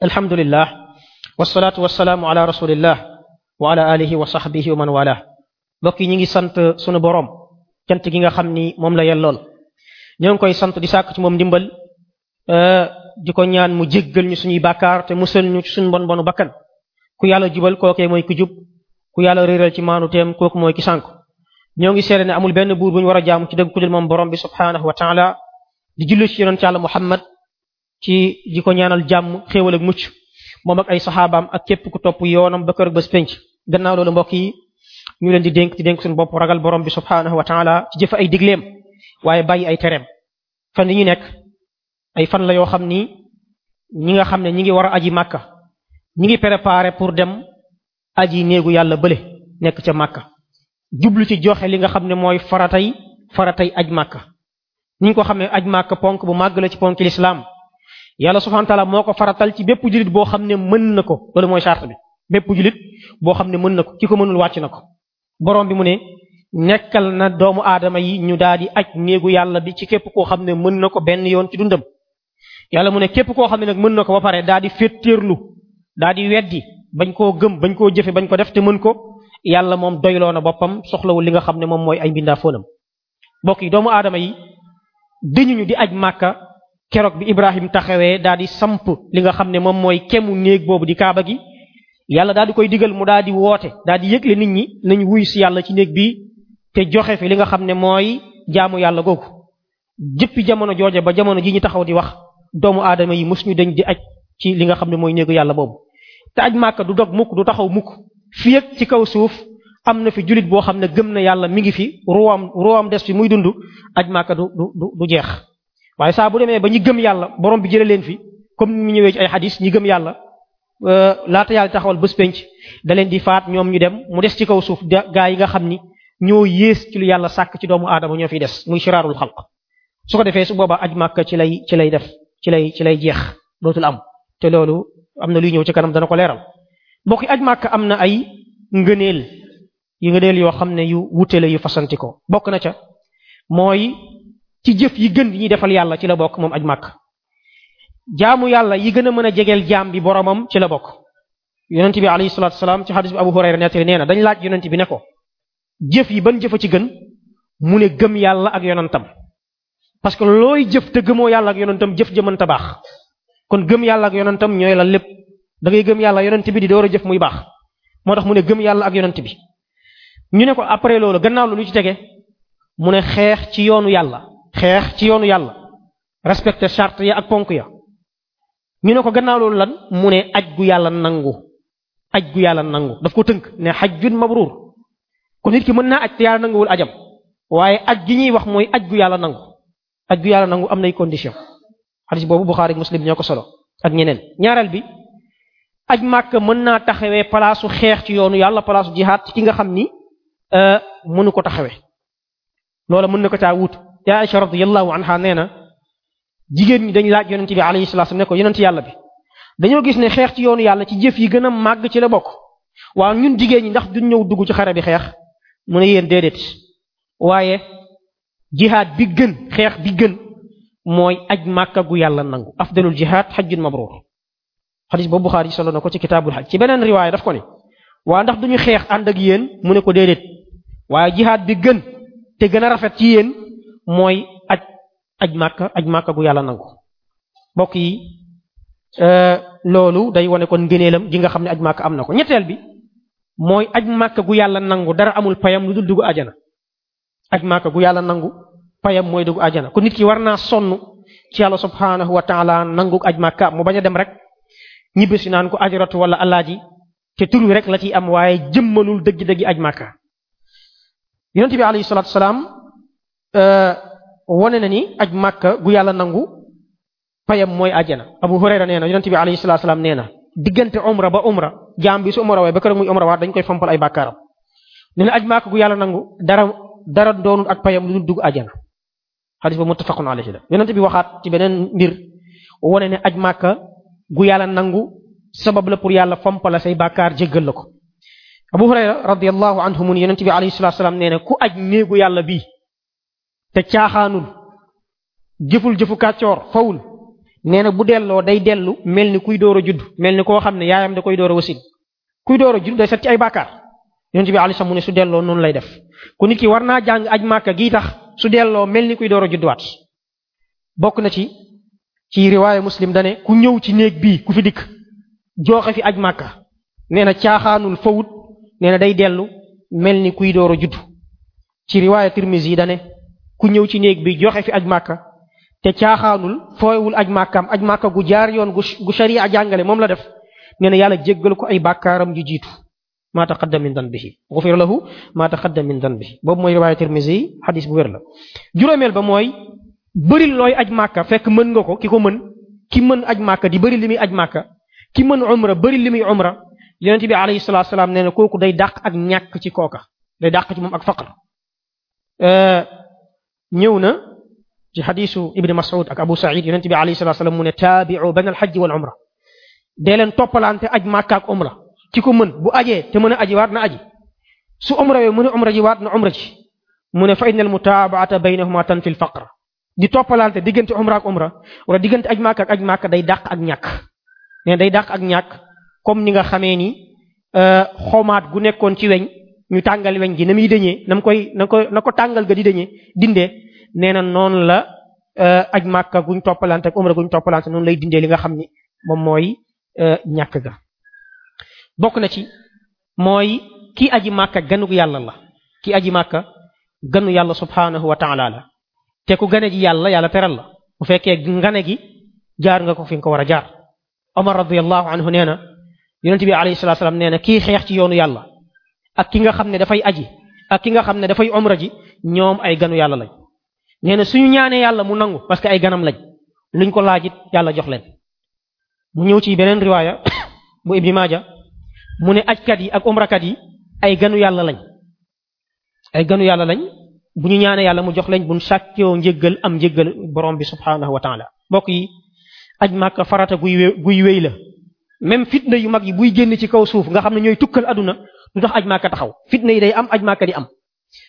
alhamdulillah wasalaatu wasalaamu ala rasulillah wa ala alihi wa sahbihi wa man wala mbokk yi ñu ngi sant sunu borom cant gi nga xam ni moom la yellool ñoo ngi koy sant di sàkk ci moom ndimbal euh, di ko mu jéggal ñu suñu bakaar te musal ñu suñu bon bonu bakkan ku yàlla jubal kookee mooy ku jub ku yàlla réeral ci maanu teem kooku mooy ki sànk ñoo ngi seede ne amul benn buur bu ñu war a jaamu ci dëgg ku moom borom bi subhaanahu wa taala di julli ci yonent yàlla Muhammad ci di ko ñaanal jàmm xéewal mucc moom ak ay saxaabaam ak képp ku topp yoonam ba kër bés penc gannaaw loolu mbokk yi ñu leen di dénk di dénk suñu bopp ragal borom bi subhaanahu wa taala ci jëfe ay digleem waaye bàyyi ay tereem fan yi ñu nekk ay fan la yoo xam ni ñi nga xam ne ñi ngi war a aji màkka ñi ngi préparé pour dem aji néegu yàlla bële nekk ca màkka jublu ci joxe li nga xam ne mooy faratay faratay aj màkka ni ñu ko xam ne aj màkka ponk bu màgg la ci ponk yàlla subhanahu wa taala moo ko faratal ci bépp jullit boo xam ne mën na ko loolu mooy charte bi bépp jullit boo xam ne mën na ko ki ko mënul wàcc na ko boroom bi mu ne nekkal na doomu aadama yi ñu daal di aj néegu yàlla di ci képp koo xam ne mën na ko benn yoon ci dundam yàlla mu ne képp koo xam ne nag mën na ko ba pare daal di féttéerlu daa di weddi bañ koo gëm bañ koo jëfe bañ ko def te mën ko yàlla moom doyloo na boppam soxlawul li nga xam ne moom mooy ay mbindaa foonam mbokk keroog bi Ibrahim taxawee daal di samp li nga xam ne moom mooy kemu néeg boobu di kaaba gi yàlla daal di koy digal mu daal di woote daal di yëgle nit ñi nañu wuy si yàlla ci néeg bi te joxe fi li nga xam ne mooy jaamu yàlla googu jëppi jamono jooje ba jamono ji ñu taxaw di wax doomu aadama yi mosuñu dañ di aj ci li nga xam ne mooy néegu yàlla boobu te aj màkka du dog mukk du taxaw mukk fii ak ci kaw suuf am na fi jullit boo xam ne gëm na yàlla mi ngi fi ruwaam ruwaam des fi muy dund aj màkka du du jeex waaye saa bu demee ba ñi gëm yàlla borom bi jëlee leen fi comme ni mu ñëwee ci ay xadis ñi gëm yàlla euh, laata yàlla taxawal bés penc da leen di faat ñoom ñu dem mu des ci kaw suuf gaa yi nga xam ni ñoo yées ci lu yàlla sàkk ci doomu aadama ñoo fiy des muy shiraarul xalq su ko defee su boobaa aj màkka ci lay ci lay def ci lay ci lay jeex dootul am te loolu am na luy ñëw ci kanam dana ko leeral mbokk yi aj màkka am na ay ngëneel yu ngëneel yoo xam ne yu wute yu fasanti bokk na ca ci jëf yi gën yi ñuy defal yàlla ci la bokk moom ay màkk jaamu yàlla yi gën a mën a jegel jaam bi boromam ci la bokk yonent bi alayhi salatu wasalaam ci xadis bi abu hurayra nettali nee na dañ laaj yonent bi ne ko jëf yi ban jëfa ci gën mu ne gëm yàlla ak yonentam parce que looy jëf gëmoo yàlla ak yonentam jëf jëmanta baax kon gëm yàlla ak yonentam ñooy la lépp da ngay gëm yàlla yonent bi di door a jëf muy baax moo tax mu ne gëm yàlla ak yonent bi ñu ne ko après loolu gannaaw lu ci tege mu ne xeex ci yoonu yàlla xeex ci yoonu yàlla respecté charte ya ak ponk ya ñu ne ko gannaaw loolu lan mu ne aj gu yàlla nangu aj gu yàlla nangu daf ko tënk ne xajjun mabruur kon nit ki mën naa aj te yàlla nanguwul ajam waaye aj gi ñuy wax mooy aj gu yàlla nangu aj gu yàlla nangu am nay condition xadis boobu Buxaari Muslim ñoo ko solo ak ñeneen ñaareel bi aj màkk mën naa taxawee palaasu xeex ci yoonu yàlla palaasu jihaad ci ki nga xam ni euh, mënu ko taxawee loola mën na ko caa wut te Aïcha radiyallahu anha nee na jigéen ñi dañ laaj yonent bi alayhi salaatu ne ko yonent yàlla bi dañoo gis ne xeex ci yoonu yàlla ci jëf yi gën a màgg ci la bokk waa ñun jigéen ñi ndax duñ ñëw dugg ci xare bi xeex mu ne yéen déedéet waaye jihaad bi gën xeex bi gën mooy aj màkka gu yàlla nangu afdalul jihaad xajjun mabruur xadis boobu Buxaari solo na ko ci kitaabul xaj ci beneen riwaaya daf ko ni waa ndax duñu xeex ànd ak yéen mu ne ko déedéet waaye jihaad bi gën te gën a rafet ci yéen mooy aj aj màkka aj màkka gu yàlla nangu mbokk yi euh, loolu day wane kon ngëneelam gi nga xam ne aj màkka am na ko ñetteel bi mooy aj màkka gu yàlla nangu dara amul payam lu dul dugg ajana aj màkka gu yàlla nangu payam mooy dugg ajana ko nit ki war naa sonn ci yàlla subhaanahu wa nangu aj màkka mu bañ a dem rek ñibbisi naan ko ajratu wala alaaji te tur rek la ciy am waaye jëmmalul dëgg-dëgg aj màkka yonente bi alayhi salaam euh, wone na ni aj màkka gu yàlla nangu payam mooy ajjana abu hurayra nee na yonent bi alayhi salatu salaam nee na diggante umra ba umra jaam bi su umra way ba keroog muy umra waat dañ koy fompal ay bàkkaaram nee na aj màkka gu yàlla nangu dara dara doonul ak payam lu dul dugg ajjana xadis ba muttafaqun alayhi la bi waxaat ci beneen mbir wone ne aj màkka gu yàlla nangu sabab pour yàlla fompal la say bàkkaar jéggal la ko abu hurayra radiyallahu anhu mu bi alayhi salaam nee na ku aj néegu yàlla bii te caaxaanul jëful jëfu kàccoor fawul nee na bu delloo day dellu mel ni kuy door a judd mel ni koo xam ne yaayam da koy door a wasin kuy door a judd day set ci ay bàkkaar yonent bi alei mu ne su delloo noonu lay def ku nit ki war naa jàng aj màkka gii tax su delloo mel ni kuy door a judduwaat bokk na ci ci riwaaye muslim dane ku ñëw ci néeg bii ku fi dikk jooxe fi aj màkka nee caaxaanul fawut nee day dellu mel ni kuy door a judd ci riwaaye tirmisi yi dane ku ñëw ci néeg bi joxe fi aj màkka te caaxaanul fooyewul aj màkkaam aj màkka gu jaar yoon gu a jàngale moom la def nee na yàlla jéggal ko ay bàkkaaram ju jiitu maa taqaddam min danbihi gufira lahu maa taqaddam min danbihi boobu mooy riwaaya Tirmisi yi xadis bu wér la juróomeel ba mooy bëril looy aj màkka fekk mën nga ko ki ko mën ki mën aj màkka di bëri li muy aj màkka ki mën umra bëri li muy umra yonente bi alayhi salaatu salaam nee na kooku day dàq ak ci kooka dàq ci moom ak faqr euh, ñëw na ci xadisu ibni mas'ud ak abu sa'id yonent bi alayhi salatu wasallam mu ne taabi'u bayna al-hajj wal umra dee leen toppalante aj màkka ak umra ki ko mën bu ajee te mën a aji waat na aji su umra yooyu mën a umra ji waat na umra ji mu ne fa inna al-mutaabaata baynahuma tanfi al-faqr di toppalante diggante umra ak umra wala diggante aj màkka ak aj day dàq ak ñàkk ne day dàq ak ñàkk comme ni nga xamee ni euh, xomaat gu nekkoon ci weñ ñu tàngal weñ gi na muy dëñee na mu koy na ko na ko tàngal ga di dëñee dindee nee na noonu la euh, aj màkka guñ toppalante ak umra guñ toppalante noonu lay dindee li nga xam ni moom mooy euh, ñàkk ga bokk na ci mooy kii aji màkka ganug yàlla la kii aji màkka ganu yàlla subhaanahu wa taala la te ku gane ji yàlla yàlla teral la bu fekkee ngane gi jaar nga ko fi nga ko war a jaar omar radiallahu anhu nee na yonente bi alayhi salatu salaam nee na kii xeex ci yoonu yàlla ak ki nga xam ne dafay aji ak ki nga xam ne dafay omra ji ñoom ay ganu yàlla lañ nee na suñu ñaanee yàlla mu nangu parce que ay ganam lañ luñ ko laajit yàlla jox leen mu ñëw ci beneen riwaaya bu Ibn Maaja mu ne kat yi ak omrakat yi ay ganu yàlla lañ ay ganu yàlla lañ bu ñu ñaanee yàlla mu jox leen buñ sàkkoo njëggal am njëggal borom bi subhaanahu wa taala mbokk yi aj màkk farata guy guy wéy la même fitna yu mag yi buy génn ci kaw suuf nga xam ne ñooy tukkal aduna lu tax aj Màkka taxaw fitna yi day am aj Màkka di am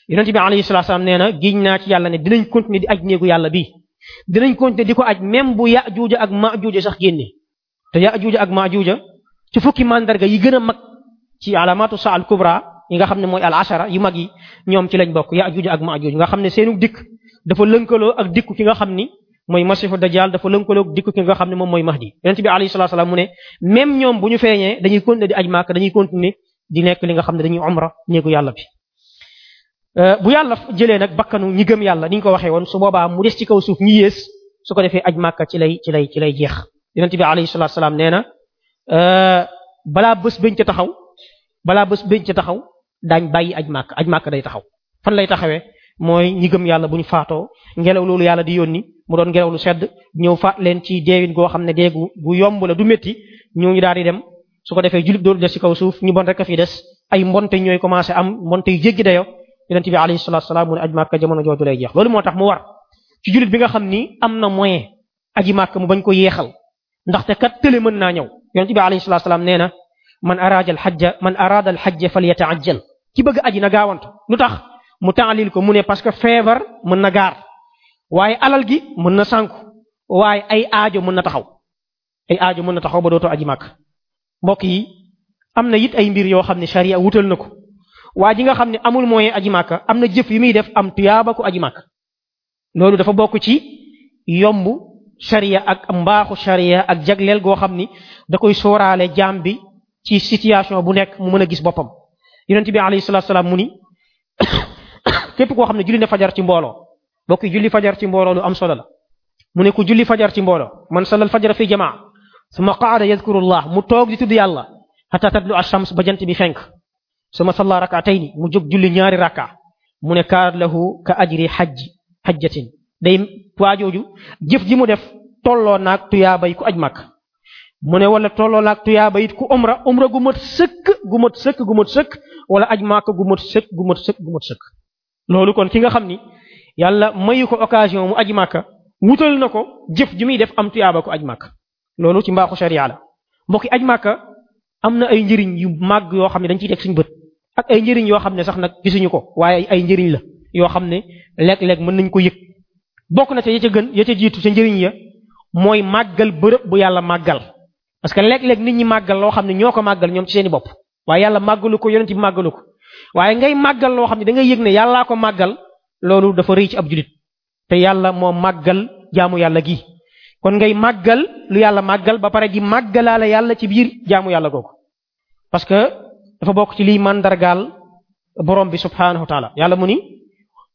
yonent bi alayhi salaatu salaam nee na giñ naa ci yàlla ne dinañ continuer di aj yàlla bii dinañ continuer di ko aj même bu Yaajuuja ak Maajuuja sax génne te Yaajuuja ak Maajuuja ci fukki mandarga yi gën a mag ci alaamaatu saa al kubra yi nga xam ne mooy al ashara yu mag yi ñoom ci lañ bokk Yaajuuja ak Maajuuja nga xam ne seenu dikk dafa lënkaloo ak dikku ki nga xam ni mooy masifu dajjal dafa moom mooy mahdi yonent bi alayhi salaatu salaam mu ne même ñoom bu ñu feeñee dañuy continuer di aj Màkka dañuy continuer di nekk li nga xam ne dañuy omra néegu yàlla bi euh, bu yàlla jëlee nag bakkanu ñi yàlla ni ñu ko waxee woon su boobaa mu des ci kaw suuf ñu yées su ko defee aj màkka ci lay ci lay ci lay jeex yonente bi alayhi salatu salaam nee na euh, balaa bés bañ ca taxaw balaa bés bañ ca taxaw daañ bàyyi aj màkk aj màkk day taxaw fan lay taxawee mooy ñi yàlla bu ñu faatoo ngelaw loolu yàlla di yoon yónni mu doon ngelaw lu sedd ñëw faat leen ci deewin goo xam ne deegu gu yomb la du métti ñooñu daal di dem su ko defee jullit dooru des ci kaw suuf ñu bon rek a fi des ay mbonte ñooy commencé am mbonte yu jéggi dayo yonent bi alayhi salatu salaam mu ne aj màkka jamono jooju lay jeex loolu moo tax mu war ci jullit bi nga xam ni am na moyen aji màkka mu bañ ko yeexal ndaxte kat tële mën naa ñëw yonent bi alayhi salatu salaam nee na man araada al xajja man araada al xajja fal yataajjal ki bëgg aji na gaawantu lu tax mu taalil ko mu ne parce que feebar mën na gaar waaye alal gi mën na sànku waaye ay aajo mën na taxaw ay aajo mën na taxaw ba dootoo aji màkk mbokk yi am na it ay mbir yoo xam ne sharia wutal na ko waa ji nga xam ne amul moyen aji màkka am na jëf yu muy def am tuyaaba ku aji màkka loolu dafa bokk ci yomb sharia ak mbaaxu sharia ak jagleel goo xam ni da koy sóoraale jaam bi ci situation bu nekk mu mën a gis boppam yonent bi alayhi salaatu salaam mu ni képp koo xam ne julli na fajar ci mbooloo bokk julli fajar ci mbooloo lu am solo la mu ne ku julli fajar ci mbooloo man sallal fajar fi jamaa suma qaada yazkurullah mu toog di tudd yàlla hatta tadlu ashams ba jant bi fenk suma salla ni mu jóg julli ñaari rakka mu ne kaar lahu ka ajri xajj xajjatin day waajooju jëf ji mu def tolloo naag tuyaabay ku aj màkk mu ne wala tolloo naag tuyaaba it ku umra umra gu mat sëkk gu mat sëkk gu mat sëkk wala aj màkk gu mat sëkk gu mat sëkk sëkk loolu kon ki nga xam ni yàlla mayu ko occasion mu aj màkka wutal na ko jëf ji muy def am tuyaaba ku aj màkk loolu ci mbaaxu sharia la mbokki aj màkka am na ay njëriñ yu màgg yoo xam ne dañ ci teg suñu bët ak ay njëriñ yoo xam ne sax nag gisuñu ko waaye ay njëriñ la yoo xam ne lekk léeg mën nañ ko yëg bokk na ca ya ca gën ya ca jiitu ca njëriñ ya mooy màggal bërëb bu yàlla màggal parce que léeg-léeg nit ñi màggal loo xam ne ñoo ko màggal ñoom ci seeni bopp waaye yàlla màggalu ko yonent bi màggalu ko waaye ngay màggal loo xam ne da ngay yëg ne yàllaa ko màggal loolu dafa rëy ci ab julit te yàlla moo màggal jaamu yàlla gi kon ngay màggal lu yàlla màggal ba pare di màggalaale yàlla ci biir jaamu yàlla googu parce que dafa bokk ci liy màndargaal borom bi subhaanahu wa taala yàlla mu ni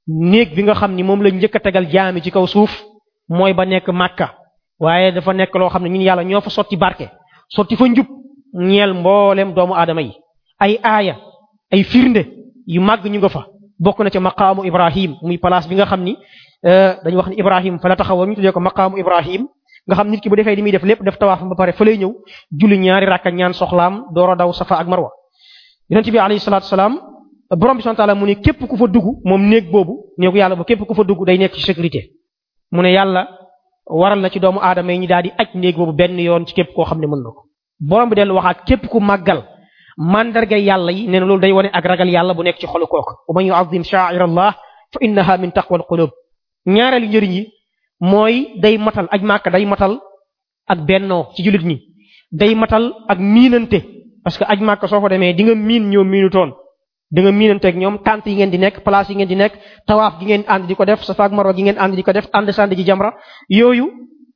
néeg bi nga xam ni moom la njëkk a tegal jaami ci kaw suuf mooy ba nekk màkka waaye dafa nekk loo xam ne ñun yàlla ñoo fa sotti barke sotti fa njub ñeel mboolem doomu aadama yi ay aaya ay firnde yu màgg ñu nga fa bokk na ca maqaamu Ibrahim muy place bi nga xam ni euh, dañu wax ni Ibrahim fa la taxawoon ñu tuddee ko maqaamu Ibrahim nga xam nit ki bu defee di muy def lépp def tawaafam ba pare fa lay ñëw julli ñaari rakka ñaan soxlaam door a daw safa ak marwa yonent bi alayhi salaatu salaam borom bi subhanahu mu ne képp ku fa dugg moom néeg boobu néegu yàlla ba képp ku fa dugg day nekk ci sécurité mu ne yàlla waral na ci doomu aadama yi ñi daal di aj néeg boobu benn yoon ci képp koo xam ne mën na ko borom bi dellu waxaat képp ku màggal mandarga yàlla yi nee na loolu day wane ak ragal yàlla bu nekk ci xolu kooku wa man yu'azzim sha'irallah fa innaha min taqwal qulub ñaareelu njëriñ mooy day matal aj màkka day matal ak bennoo ci jullit ñi day matal ak miinante parce que aj màkka soo ko demee di nga miin ñoom miinu toon di nga miinanteeg ñoom tànt yi ngeen di nekk place yi ngeen di nekk tawaaf gi ngeen ànd di ko def safaak marwa gi ngeen ànd di ko def ànd sànd ji jamra yooyu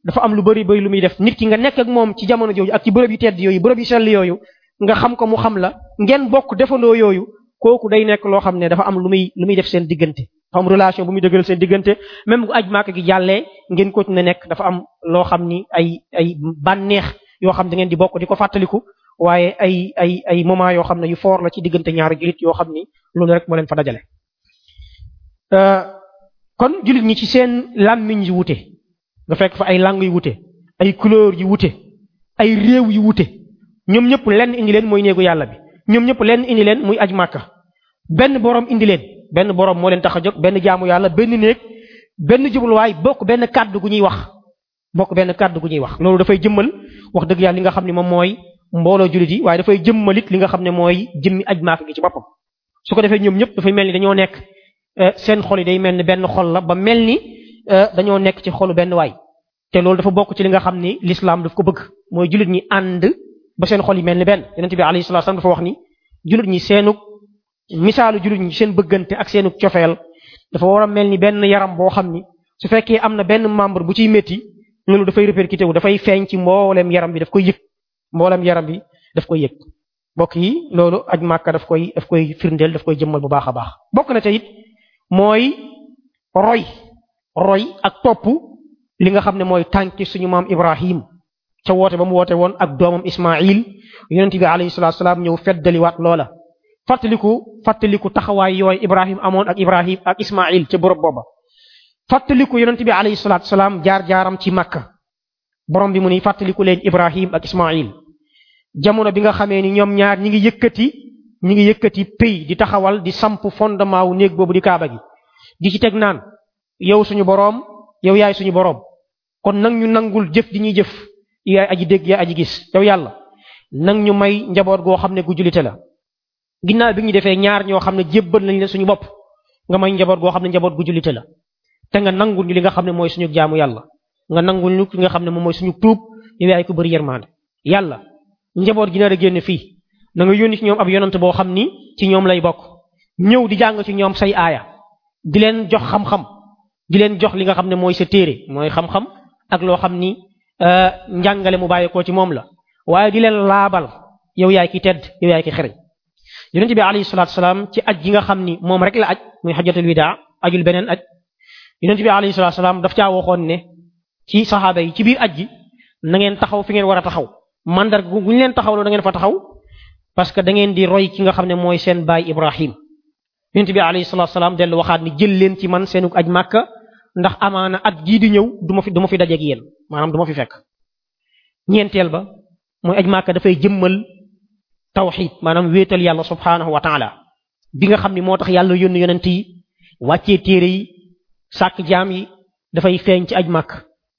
dafa am lu bëri bëri lu muy def nit ki nga nekk ak moom ci jamono jooju ak ci bërëb yu tedd yooyu bërëb yu sell yooyu nga xam ko mu xam la ngeen bokk defandoo yooyu kooku day nekk loo xam ne dafa am lu muy lu muy def seen diggante dafa relation bu muy dëgëral seen diggante même bu aj maaka gi jàllee ngeen ko ne nekk dafa am loo xam ni ay ay bànneex yoo xam ne ngeen di bokk di ko fàttaliku waaye ay ay ay moment yoo xam ne yu foor la ci diggante ñaari jullit yoo xam ni loolu rek moo leen fa dajale. Euh, kon jullit ñi ci seen làmmiñ yi wute nga fekk fa ay langues yu wute ay couleurs yi wute ay réew yu wute ñoom ñëpp lenn indi leen mooy néegu yàlla bi ñoom ñëpp lenn indi leen muy aj maaka benn borom indi leen benn borom moo leen tax a jóg benn jaamu yàlla benn néeg benn jubluwaay bokk benn kàddu gu ñuy wax bokk benn kàdd gu ñuy wax. loolu dafay jëmmal wax dëgg yàlla li nga xam ne moom mooy mbooloo jullit yi waaye dafay jëmmalit li nga xam ne mooy jëmmi aj maaka gi ci boppam su ko defee ñoom ñëpp dafay mel ni dañoo nekk euh, seen xol yi day mel ni benn xol la ba mel ni euh, dañoo nekk ci xolu benn waay te loolu dafa bokk ci li nga xam ni lislaam da ko bëgg mooy jullit ñi ànd ba seen xol mel ni benn yonente bi alayhi wax ni misaalu jullit ñi seen bëggante ak seenu cofeel dafa war a mel ni benn yaram boo xam ni su fekkee am na benn membre bu ciy métti loolu dafay répercuté wu dafay feeñ ci mbooleem yaram bi daf koy yëg mbooleem yaram bi daf koy yëg mbokk yi loolu aj màkka daf koy daf koy firndeel daf koy jëmmal bu baax a baax bokk na ca mooy roy roy ak topp li nga xam ne mooy tànki suñu maam Ibrahim ca woote ba mu woote woon ak doomam Ismaïl yonent bi alayhi salaatu salaam ñëw feddaliwaat loola fàttaliku fàttaliku taxawaay yooyu Ibrahim amoon ak Ibrahim ak Ismaïl ci borob booba fàttaliku yonent bi alayhi salaatu salaam jaar jaaram ci Makka borom bi mu ni fàttaliku leen Ibrahim ak Ismaïl jamono bi nga xamee ni ñoom ñaar ñi ngi yëkkati. ñi ngi yëkkati pays di taxawal di samp fondement wu néeg boobu di kaaba gi di ci teg naan yow suñu boroom yow yaay suñu boroom kon nag ñu nangul jëf di ñuy jëf yaay aji dégg yaay aji gis yow yàlla nag ñu may njaboot goo xam ne gu julite la ginnaaw bi ñu defee ñaar ñoo xam ne jébbal nañ la suñu bopp nga may njaboot goo xam ne njaboot gu jullite la te nga nangul ñu li nga xam ne mooy suñu jaamu yàlla nga nangul ñu li nga xam ne moom mooy suñu tuub yow yaay ko bëri yermaande yàlla njaboot gi nar a génn fii na nga yónni ci ñoom ab yonant boo xam ni ci ñoom lay bokk ñëw di jàng ci ñoom say aaya di leen jox xam-xam di leen jox li nga xam ne mooy sa téere mooy xam-xam ak loo xam ni euh, njàngale mu koo ci moom la waaye di leen laabal yow yaay ki tedd yonente bi alayhi salaatu salaam ci aj gi nga xam ni moom rek la aj muy xajatul widaa ajul beneen aj yonente bi alayhi salaatu salaam daf caa waxoon ne ci saxaaba yi ci biir aj gi na ngeen taxaw fi ngeen war a taxaw mandarga gu ñu leen taxawloo da ngeen fa taxaw parce que da ngeen di roy ki nga xam ne mooy seen baay Ibrahim yonente bi alayhi salaatu salaam dellu waxaat ni jël leen ci man seenu aj màkka ndax amaana at gii di ñëw du ma fi du ma fi dajeeg yéen maanaam du ma fi fekk ñeenteel ba mooy aj màkka dafay jëmmal tawxid maanaam wéetal yàlla subhaanahu wa taala bi nga xam ni moo tax yàlla yónni yonent yi wàccee téere yi sàkk jaam yi dafay feeñ ci aj màkk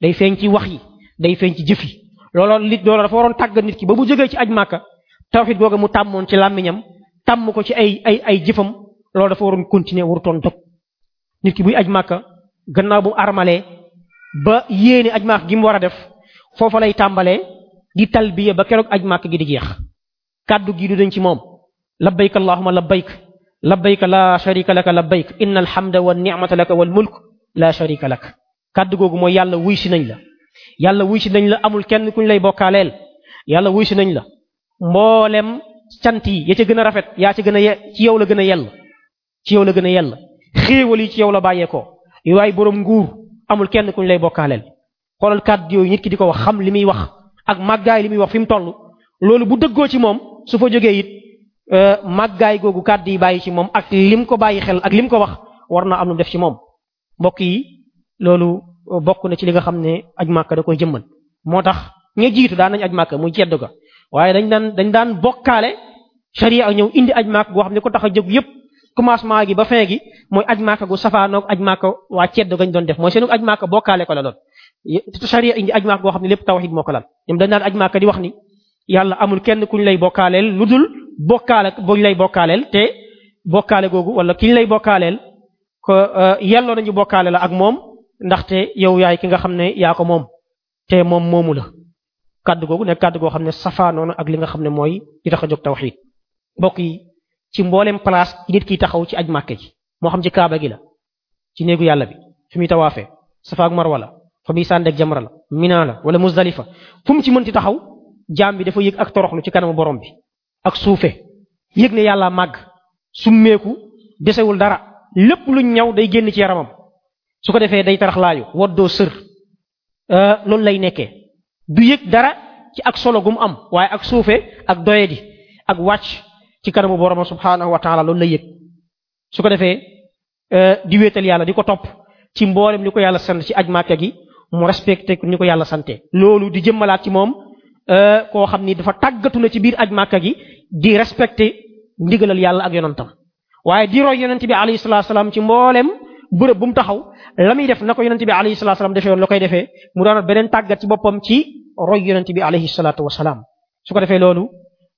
day feeñ ci wax yi day feeñ ci jëf yi looloon nit loolu dafa waroon tàgg nit ki ba bu jógee ci aj màkka tawxid googa mu tàmmoon ci làmmiñam tàmm ko ci ay ay ay jëfam loolu dafa waroon continuer warutoon dog nit ki buy aj màkka gannaaw bu mu armalee ba yéene aj màkk gi mu war a def foofa lay tàmbalee di talbiya ba keroog aj màkk gi di jeex kàddu gi du dañ ci moom labbayk allahuma labbayk labbayk laa sharika laka labbayk inna alhamda wa ni'mata laka wal mulk laa sharika lak kàddu googu mooy yàlla wuy si nañ la yàlla wuy si nañ la amul kenn ku ñu lay bokkaaleel yàlla wuy si nañ la mboolem cant yi ya ca gën a rafet yaa ci gën a ye ci yow la gën a yell ci yow la gën a yell xéewal ci yow la bàyyeekoo waaye boroom nguur amul kenn kuñ lay bokkaaleel xoolal kàddu yooyu nit ki di ko wax xam li muy wax ak màggaay muy wax fi mu toll loolu bu dëggoo ci moom su fa jegee it euh, maggaay googu kàddu yi bàyyi ci moom ak lim ko bàyyi xel ak lim ko wax war na am lu def ci moom mbokk yi loolu euh, bokk na ci li nga xam ne aj màkka da koy jëmmal moo tax ña jiitu daan nañ aj màkka muy ceddu ga waaye dañ daan dañ daan bokkaale sharia ñëw indi aj màkka ko tax a jóg yépp commencement gi ba fin gi mooy aj màkka gu safaanoog aj màkka waa ceddu gañ doon def mooy seenu aj màkka bokkaale ko la lool sharia indi aj màkka goo xam ne lépp tawxid moo ko lal ñoom dañ daan aj màkka di wax ni yàlla amul kenn ku ñu lay bokkaaleel lu dul bokkaale buñ lay bokkaaleel te bokkaale googu wala kiñ lay bokkaaleel ko euh, yelloo nañu bokkaale la ak moom ndaxte yow yaay ki nga xam ne yaako moom te moom moomu la kàddu googu nekk kàddu goo xam ne safaanoona ak li nga xam ne mooy li tax a jóg tawxiid mbokk yi ci mbooleem place nit kiy taxaw ci aj màkke ji moo xam ci kaaba gi la ci néegu yàlla bi fi muy tawaafee safa ak marwa la fa muy sàndeeg jamra la mina la wala muzdalifa fu mu ci taxaw jaam bi dafa yëg ak toroxlu ci kanamu borom bi ak suufe yég ne yàlla màgg summeeku desewul dara lépp luñ ñaw day génn ci yaramam su ko defee day taraxlaayu woddoo sër euh, loolu lay nekkee du yëg dara ci ak solo gu am waaye ak suufe ak doyadi ak wàcc ci kanamu borom subhaanahu wa taala loolu lay yëg su ko defee euh, di wéetal yàlla di ko topp ci mboolem li ko yàlla sant ci aj màkka gi mu respecté ni ko yàlla sante loolu di jëmmalaat ci moom Euh, koo xam ni dafa tàggatu na ci biir aj màkka gi di respecte ndigalal yàlla ak yonentam waaye di roy yonent bi alayhi salaatu salaam ci mbooleem bërëb bu mu taxaw la muy def na ko yonent bi alayhi salaatu salaam defee woon la koy mu doon beneen tàggat ci boppam ci roy yonent bi alayhi salaatu wasalaam su defee loolu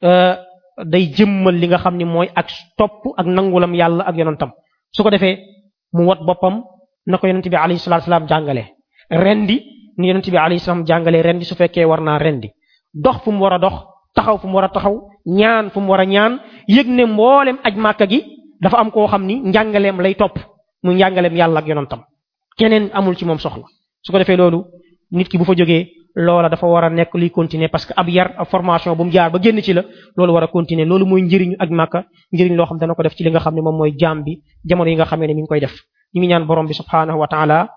euh, day jëmmal li nga xam ni mooy ak topp ak nangulam yàlla ak yonentam su ko defee mu wat boppam na ko yonent bi alayhi salaatu salaam jàngale rendi ni yonent bi alayhi salaam jàngale rendi su fekkee war naa rendi dox fu mu war a dox taxaw fu mu war a taxaw ñaan fu mu war a ñaan yëg ne mboolem aj màkka gi dafa am koo xam ni njàngalem lay topp mu njàngaleem yàlla ak yonantam keneen amul ci moom soxna su ko defee loolu nit ki bu fa jógee loola dafa war a nekk luy continuer parce que ab yar formation bu mu jaar ba génn ci la loolu war a loolu mooy njëriñu aj màkka njëriñ loo xam dana ko def ci li nga xam ne moom mooy jaam bi jamono yi nga xamee ne mi ngi koy def ñu ngi ñaan borom bi subhaanahu wa taala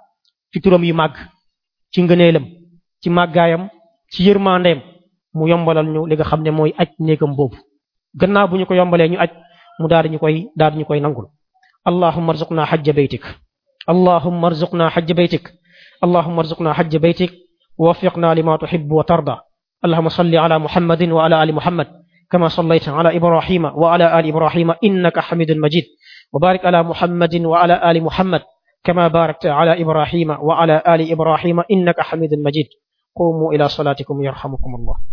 ci turam yu màgg ci ngëneelam ci màggaayam ci yërmandeem mu yombalal ñu li nga xam ne mooy aj néegam boobu gannaaw bu ñu ko yombalee ñu aj mu daal di ñu koy daal di ñu koy nangul allahumma arzuqna na baytik allahumma arzuqna hajja baytik allahumma arzuqna hajja baytik ووفقنا لما تحب وترضى اللهم صل على محمد وعلى آل محمد كما صليت على إبراهيم وعلى آل إبراهيم إنك حميد مجيد وبارك على محمد وعلى آل محمد كما باركت على إبراهيم وعلى آل إبراهيم إنك حميد مجيد قوموا إلى صلاتكم يرحمكم الله